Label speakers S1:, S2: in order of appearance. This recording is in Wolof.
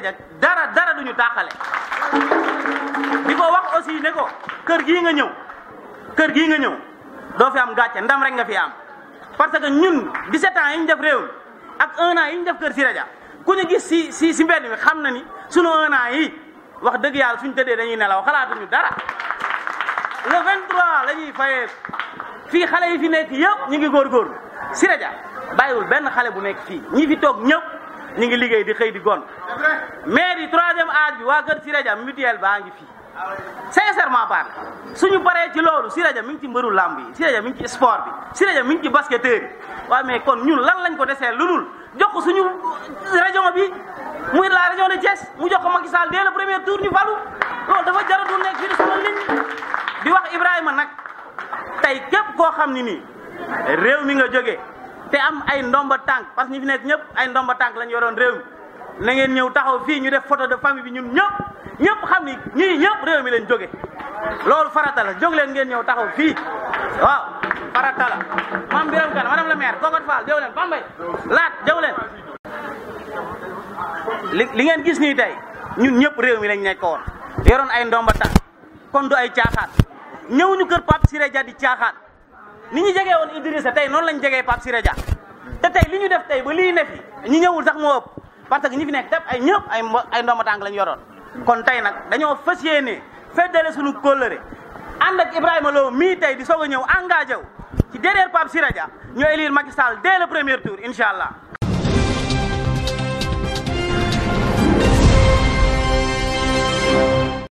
S1: dara dara dara duñu takalé diko wax aussi né ko kër gi nga ñëw kër gi nga ñëw do fi am gàcce ndam rek nga fi am parce que ñun 17 ans yiñ def réew ak 1 an yiñ def kër si ku ñu gis si si si mbedd mi xam na ni suñu 1 an yi wax deug yàlla suñu tédé dañuy nelaw xalaatuñu dara le 23 lañuy fayé fi xalé yi fi nekk yépp ñi ngi gor gor raja bàyyiwul ben xalé bu nekk fi ñi fi tok ñëpp ñi ngi liggéey di xëy di gon maire yi troisième âge bi waa kër Siré Dia mutuelle baa ngi fii sincèrement baax suñu paree ci loolu Siré Dia mi ngi ci mbëru làmb yi Siré Dia mi ngi ci sport bi Siré Dia mi ngi ci basketteur yi waaye mais kon ñun lan lañ ko desee lu dul jox ko suñu région bi muy la région de Thiès mu jox ko Macky Sall dès le premier tour ñu falu loolu dafa jaratu nekk fii suma ligne di wax Ibrahima nag tey képp koo xam ni nii réew mi nga jógee te am ay ndomba tànk parce que ñu fi nekk ñëpp ay ndomba tànk lañu yoroon réew mi na ngeen ñëw taxaw fii ñu def photo de famille bi ñun ñëpp ñëpp xam ni ñii ñëpp réew mi lañ jóge loolu farata la jóg leen ngeen ñëw taxaw fii waaw farata la maam Biram Kane madame la maire Gogot Fall jëw leen Bambey laat jëw li ngeen gis nii tey ñun ñëpp réew mi lañ nekkoon yoroon ay ndomba tànk kon du ay caaxaan ñëw ñu kër Pape Siré Dia di caaxaan ni ñu jegee woon Idrissa tey noonu lañ jegee Pape si Dia te tey li ñu def tey ba lii ne ñi ñëwul sax moo ëpp parce que ñi fi nekk tap ay ñëpp ay ay ndomba tànk lañ yoroon kon tey nag dañoo fas yéene feddale suñu kóllëre ànd ak Ibrahima Lo mii tey di soog a ñëw engagé wu ci derrière Pape Siré Dia ñoo élire Macky Sall dès le premier tour incha allah